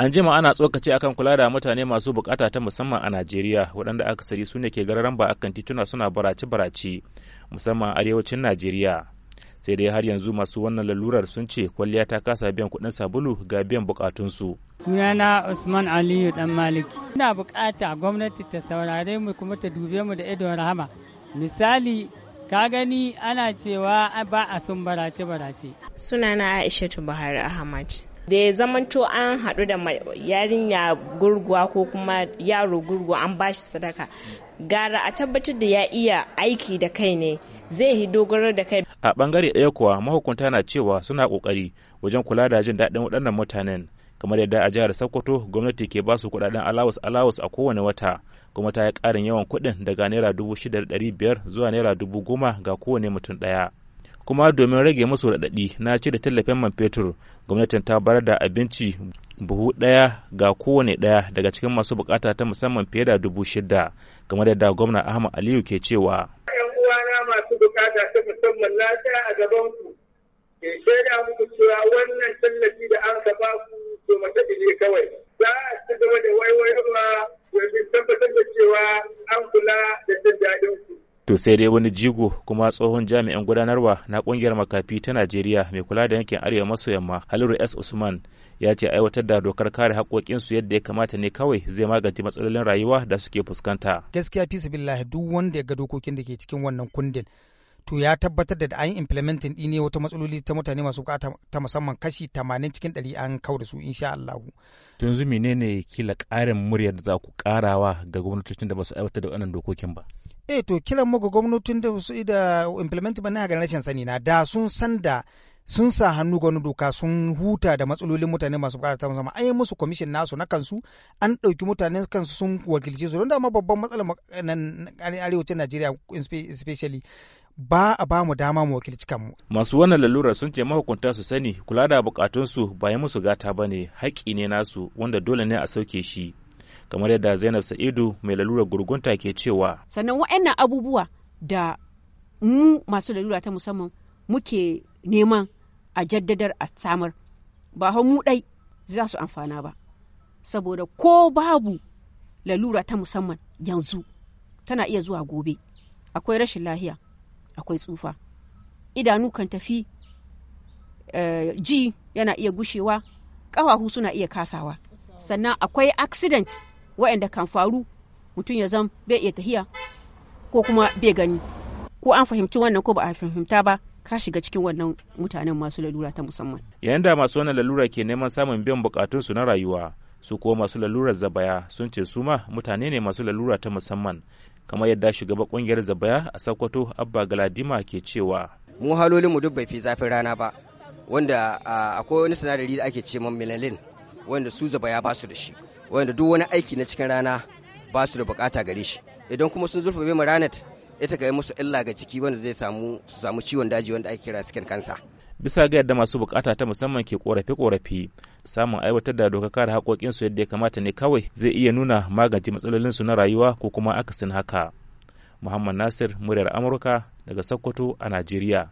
An jima ana tsokace akan kula da mutane masu bukata ta musamman a Najeriya waɗanda akasari su ne ke gararan ba akan tituna suna barace-barace musamman arewacin Najeriya. Sai dai har yanzu masu wannan lalurar sun ce kwalliya ta kasa biyan kuɗin sabulu ga biyan bukatunsu. Sunana Usman Aliyu Dan Maliki. Ina bukata gwamnati ta saurare mu kuma ta dube mu da ido rahama. Misali ka gani ana cewa ba a sun barace-barace. Sunana Aishatu Buhari Ahmad. da ya zamanto an haɗu da yarinya gurguwa ko kuma yaro gurguwa an ba shi sadaka gara a tabbatar da ya iya aiki da kai ne zai yi dogaro da kai a bangare ɗaya kuwa mahukunta na cewa suna ƙoƙari wajen kula da jin daɗin waɗannan mutanen kamar yadda a jihar sokoto gwamnati ke ba su kuɗaɗen alawas alawas a kowane wata kuma ta yi karin yawan kuɗin daga naira dubu shida da ɗari biyar zuwa naira dubu goma ga kowane mutum ɗaya kuma domin rage musu raɗaɗi na ce da tallafin man fetur gwamnatin ta bayar da abinci buhu ɗaya ga kowane ɗaya daga cikin masu bukata ta musamman fiye da dubu shida da da gwamna ahmad aliyu ke cewa yan uwana masu bukata ta musamman na a gaban ku ke shaida muku cewa wannan tallafi da an ka ba ku to mata ne kawai To sai dai wani jigo kuma tsohon jami'an gudanarwa na kungiyar makafi ta Najeriya mai kula da yankin Arewa maso yamma Haliru S Usman ya ce aiwatar da dokar kare haƙoƙin su yadda ya kamata ne kawai zai magance matsalolin rayuwa da suke fuskanta. Gaskiya fi billahi duk wanda ya ga dokokin da ke cikin wannan kundin to ya tabbatar da an implementing ɗi ne wata matsaloli ta mutane masu bukata ta musamman kashi 80 cikin 100 an kau da su insha Allah. Tun zumi ne ne kila ƙarin muryar da za ku ƙarawa ga gwamnatocin da ba su aiwatar da wannan dokokin ba. e to kiran muku gwamnatin da su da implement ba na ga rashin sani na da sun san da sun sa hannu ga doka sun huta da matsalolin mutane masu bukatar musamman an yi musu kwamishin nasu na kansu an ɗauki mutane kansu sun wakilce su don dama babban matsalar nan arewacin najeriya especially ba a ba mu dama mu wakilci kanmu. masu wannan lalura sun ce mahukunta su sani kula da bukatunsu ba ya musu gata ba ne haƙƙi ne nasu wanda dole ne a sauke shi kamar yadda zainab sa'idu mai lalura gurgunta ke cewa sannan wa'annan abubuwa da mu masu lalura ta musamman muke neman a jaddadar a samar ba hau mu ɗai za su amfana ba saboda ko babu lalura ta musamman yanzu tana iya zuwa gobe akwai rashin lahiya akwai tsufa idanu kan tafi eh, ji yana iya gushewa ƙafafu suna iya kasawa sannan akwai accident waɗanda kan faru mutum ya zan bai iya tahiya ko kuma bai gani ko an fahimci wannan ko ba a fahimta ba ka shiga cikin wannan mutanen masu lalura ta musamman yayin da masu wannan lalura ke neman samun biyan bukatun su na rayuwa su ko masu lalurar zabaya sun ce su ma mutane ne masu lalura ta musamman kamar yadda shugaba kungiyar zabaya a sokoto abba galadima ke cewa mu halolin mu duk bai fi zafin rana ba wanda akwai wani sinadari da ake ce milanilin wanda su zaba ya basu da shi wanda duk wani aiki na cikin rana ba su da bukata gare shi idan kuma sun zurfa mu ranar ita ga musu illa ga ciki wanda zai samu su samu ciwon daji wanda ake kira skin kansa bisa ga yadda masu bukata ta musamman ke korafi korafi samun aiwatar da doka kare haƙoƙin su yadda ya kamata ne kawai zai iya nuna magance matsalolin su na rayuwa ko kuma akasin haka Muhammad Nasir muryar Amurka daga Sokoto a Najeriya